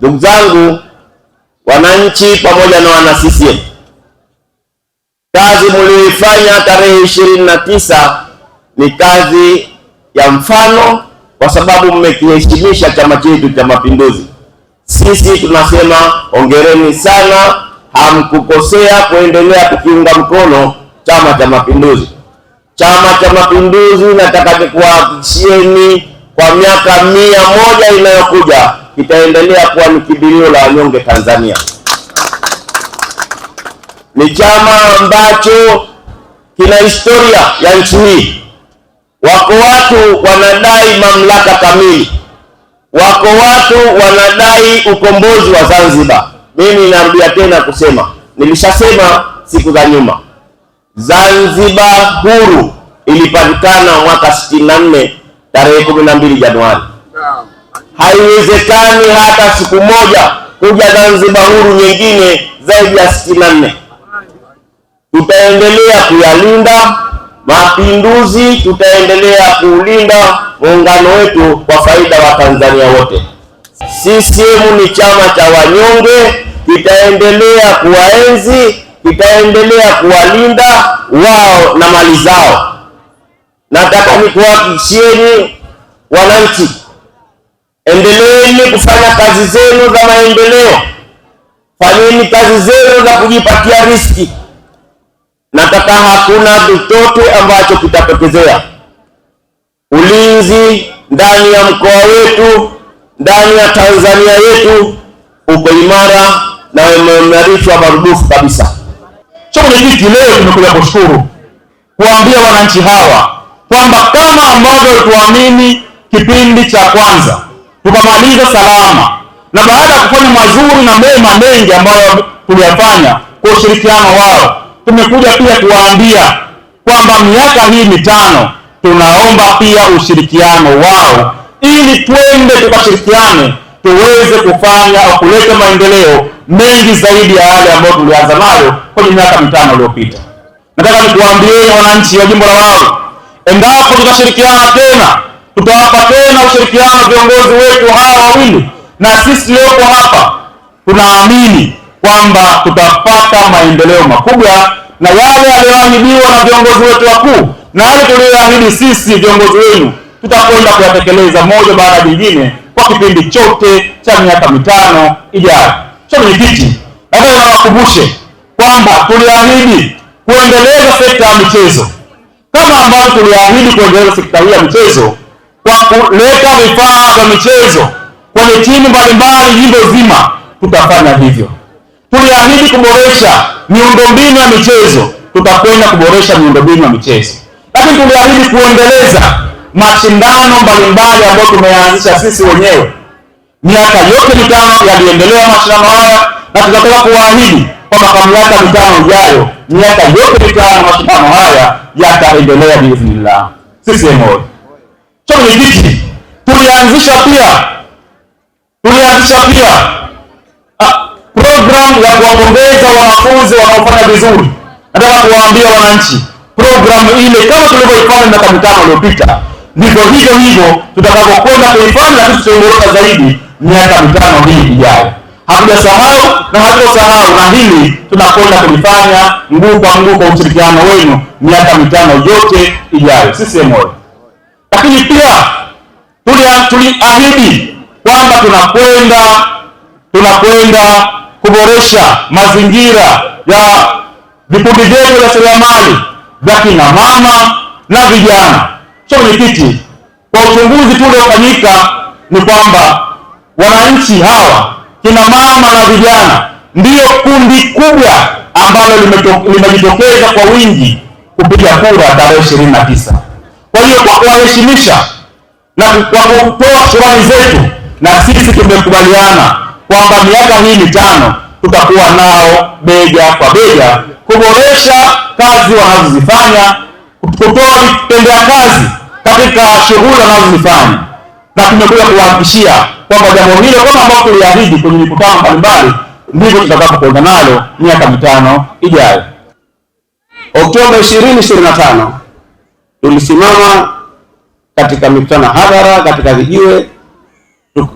Ndugu zangu wananchi pamoja na wana CCM, kazi mlioifanya tarehe ishirini na tisa ni kazi ya mfano, kwa sababu mmekiheshimisha chama chetu cha Mapinduzi. Sisi tunasema ongereni sana, hamkukosea kuendelea kukiunga mkono chama cha Mapinduzi. Chama cha Mapinduzi nataka nikuhakikishieni kwa miaka mia moja inayokuja kitaendelea kuwa ni kimbilio la wanyonge Tanzania. Ni chama ambacho kina historia ya nchi hii. Wako watu wanadai mamlaka kamili, wako watu wanadai ukombozi wa Zanzibar. Mimi naambia tena kusema, nilishasema siku za nyuma, Zanzibar huru ilipatikana mwaka 64 tarehe 12 Januari. Naam haiwezekani hata siku moja kuja Zanzibar huru nyingine zaidi ya sitini na nne. Tutaendelea kuyalinda mapinduzi, tutaendelea kuulinda muungano wetu kwa faida wa Tanzania wote. CCM ni chama cha wanyonge, kitaendelea kuwaenzi, kitaendelea kuwalinda wao na mali zao. Nataka nikuhakikishieni wananchi Endeleeni kufanya kazi zenu za maendeleo, fanyeni kazi zenu za kujipatia riski nataka hakuna chochote ambacho kitapotezea. Ulinzi ndani ya mkoa wetu, ndani ya Tanzania yetu uko imara na umeimarishwa marudufu kabisa. Sio mwenyekiti, leo tumekuja kushukuru, kuambia wananchi hawa kwamba kama ambavyo tuamini kipindi cha kwanza tukamaliza salama, na baada ya kufanya mazuri na mema mengi ambayo tuliyafanya kwa ushirikiano wao, tumekuja pia kuwaambia kwamba miaka hii mitano tunaomba pia ushirikiano wao ili twende tukashirikiane tuweze kufanya au kuleta maendeleo mengi zaidi ya yale ambayo tulianza nayo kwenye miaka mitano iliyopita. Nataka nikuambieni wananchi wa jimbo la Wawi, endapo tutashirikiana tena tutawapa tena ushirikiano viongozi wetu hawa wawili, na sisi tuliopo hapa tunaamini kwamba tutapata maendeleo makubwa na yale yaliyoahidiwa na viongozi wetu wakuu na yale tuliyoahidi sisi viongozi wenu tutakwenda kuyatekeleza moja baada ya jingine kwa kipindi chote cha miaka mitano ijayo. Sio mwenyekiti, nataka niwakumbushe kwamba tuliahidi kuendeleza sekta ya michezo kama ambavyo tuliahidi kuendeleza sekta hii ya michezo kwa kuleta vifaa vya michezo kwenye timu mbalimbali jimbo zima. Tutafanya hivyo. Tuliahidi kuboresha miundombinu ya michezo, tutakwenda kuboresha miundombinu ya michezo, lakini tuliahidi kuendeleza mashindano mbalimbali ambayo tumeanzisha sisi wenyewe. Miaka yote mitano yaliendelea mashindano haya, na tunataka kuwaahidi kwamba kwa miaka mitano ijayo, miaka yote mitano mashindano haya yataendelea biidhnillah. Sisi emoyo Sio mwenyekiti, tulianzisha pia tulianzisha pia ah, programu ya kuwapongeza wanafunzi wanaofanya vizuri. Nataka kuwaambia wananchi, programu ile kama tulivyoifanya miaka mitano iliyopita ndivyo hivyo hivyo tutakapokwenda kuifanya, na tutaongeza zaidi miaka mitano hii ijayo. sahau na hatutosahau, na hili tunakwenda kulifanya nguvu kwa nguvu kwa ushirikiano wenu miaka mitano yote ijayo. Sisi emoyo lakini pia tuliahidi kwamba tunakwenda tunakwenda kuboresha mazingira ya vikundi vyetu vya seremali vya kina mama na vijana. So mwenyekiti, kwa uchunguzi tu uliofanyika ni kwamba wananchi hawa kina mama na vijana ndiyo kundi kubwa ambalo limejitokeza kwa wingi kupiga kura tarehe tisa hiyo kwa kuwaheshimisha na kwa kutoa shukrani zetu, na sisi tumekubaliana kwamba miaka hii mitano tutakuwa nao bega kwa bega kuboresha kazi wanazozifanya, kutoa vitendea kazi katika shughuli wanazozifanya, na tumekuja kuwahakikishia kwamba jambo hilo kama ambavyo tuliahidi kwenye mikutano mbalimbali ndivyo tutakapokwenda nalo miaka mitano ijayo. Oktoba tano tulisimama katika mikutano hadhara, katika vijiwe,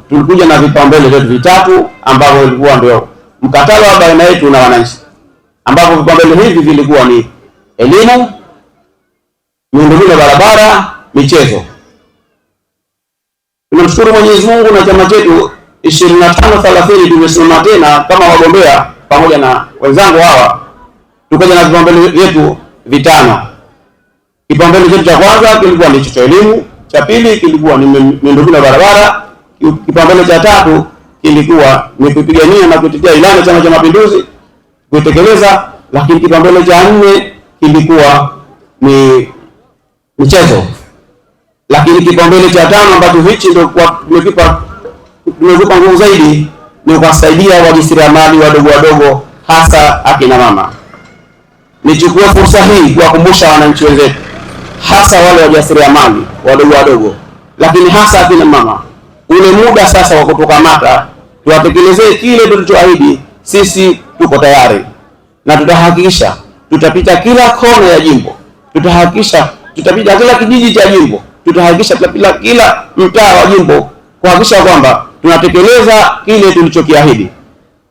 tulikuja na vipaumbele vyetu vitatu ambavyo vilikuwa ndio mkataba wa baina yetu na wananchi, ambapo vipaumbele hivi vilikuwa ni elimu, miundombinu ya barabara, michezo. Tunamshukuru Mwenyezi Mungu na chama chetu 25 30 tumesimama tena kama wagombea pamoja na wenzangu hawa, tukaja na vipaumbele vyetu vitano Kipaumbele chetu cha kwanza kilikuwa ni cha elimu, cha pili kilikuwa ni miundombinu ya barabara, kipaumbele cha tatu kilikuwa ni kupigania na kutetea ilani ya Chama cha Mapinduzi kuitekeleza, lakini kipaumbele cha nne kilikuwa ni michezo, lakini kipaumbele cha tano ambacho hichi ndio tumekipa tumevipa nguvu zaidi ni kuwasaidia wajasiriamali wadogo wadogo hasa akina mama. Nichukue fursa hii kuwakumbusha wananchi wenzetu hasa wale wajasiriamali wadogo wadogo, lakini hasa akina mama. Ule muda sasa wa kutukamata, tuwatekelezee kile tulichoahidi. Sisi tuko tayari na tutahakikisha tutapita kila kona ya jimbo, tutahakikisha tutapita kila kijiji cha jimbo, tutahakikisha tutapita kila mtaa wa jimbo kuhakikisha kwamba tunatekeleza kile tulichokiahidi.